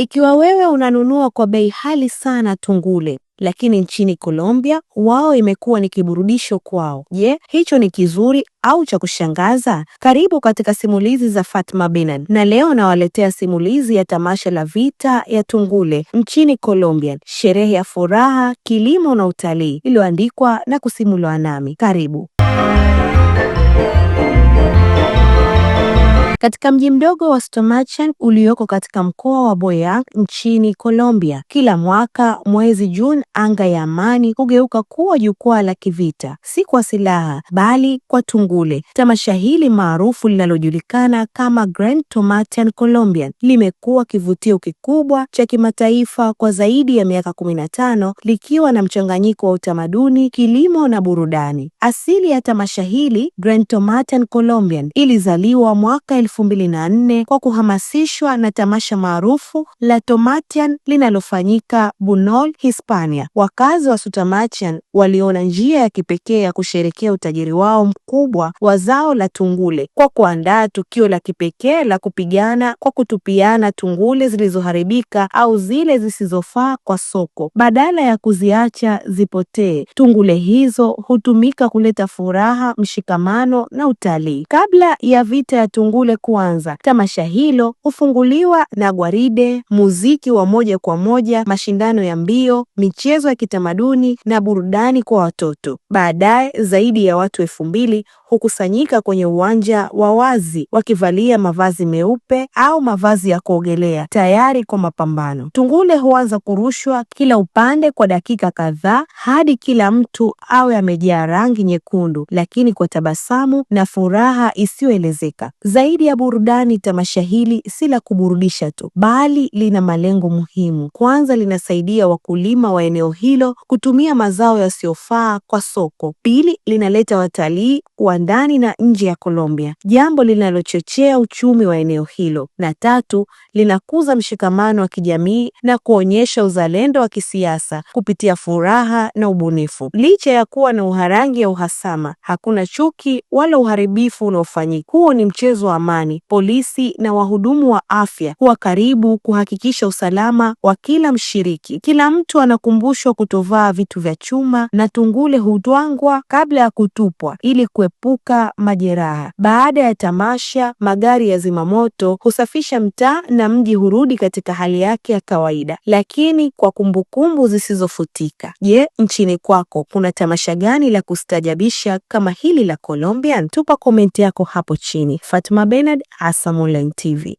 Ikiwa wewe unanunua kwa bei hali sana tungule, lakini nchini Colombia wao imekuwa ni kiburudisho kwao. Je, hicho ni kizuri au cha kushangaza? Karibu katika simulizi za Fatma Binan, na leo nawaletea simulizi ya tamasha la vita ya tungule nchini Colombia, sherehe ya furaha, kilimo na utalii, iliyoandikwa na kusimuliwa nami. Karibu. katika mji mdogo wa Stomachan ulioko katika mkoa wa Boyaca nchini Colombia. Kila mwaka mwezi Juni, anga ya amani hugeuka kuwa jukwaa la kivita, si kwa silaha bali kwa tungule. Tamasha hili maarufu linalojulikana kama Grand Tomatan Colombian limekuwa kivutio kikubwa cha kimataifa kwa zaidi ya miaka 15 likiwa na mchanganyiko wa utamaduni, kilimo na burudani. Asili ya tamasha hili Grand Tomatan Colombian ilizaliwa mwaka 2004 kwa kuhamasishwa na tamasha maarufu la tomatian linalofanyika Bunol, Hispania. Wakazi wa Sutamatyan waliona njia ya kipekee ya kusherekea utajiri wao mkubwa wa zao la tungule kwa kuandaa tukio la kipekee la kupigana kwa kutupiana tungule zilizoharibika au zile zisizofaa kwa soko, badala ya kuziacha zipotee. Tungule hizo hutumika kuleta furaha, mshikamano na utalii. Kabla ya vita ya tungule kuanza Tamasha hilo hufunguliwa na gwaride, muziki wa moja kwa moja, mashindano ya mbio, michezo ya kitamaduni na burudani kwa watoto. Baadaye zaidi ya watu elfu mbili hukusanyika kwenye uwanja wa wazi wakivalia mavazi meupe au mavazi ya kuogelea tayari kwa mapambano. Tungule huanza kurushwa kila upande kwa dakika kadhaa hadi kila mtu awe amejaa rangi nyekundu, lakini kwa tabasamu na furaha isiyoelezeka. Zaidi ya burudani, tamasha hili si la kuburudisha tu, bali lina malengo muhimu. Kwanza, linasaidia wakulima wa eneo hilo kutumia mazao yasiyofaa kwa soko. Pili, linaleta watalii kwa ndani na nje ya Colombia, jambo linalochochea uchumi wa eneo hilo, na tatu, linakuza mshikamano wa kijamii na kuonyesha uzalendo wa kisiasa kupitia furaha na ubunifu. Licha ya kuwa na uharangi ya uhasama, hakuna chuki wala uharibifu unaofanyika. Huo ni mchezo wa amani. Polisi na wahudumu wa afya huwa karibu kuhakikisha usalama wa kila mshiriki. Kila mtu anakumbushwa kutovaa vitu vya chuma na tungule hutwangwa kabla ya kutupwa ili kuepuka kuepuka majeraha. Baada ya tamasha, magari ya zimamoto husafisha mtaa na mji hurudi katika hali yake ya kawaida, lakini kwa kumbukumbu zisizofutika. Je, nchini kwako kuna tamasha gani la kustajabisha kama hili la Colombian? Tupa komenti yako hapo chini. Fatma Bernard, ASAM Online TV.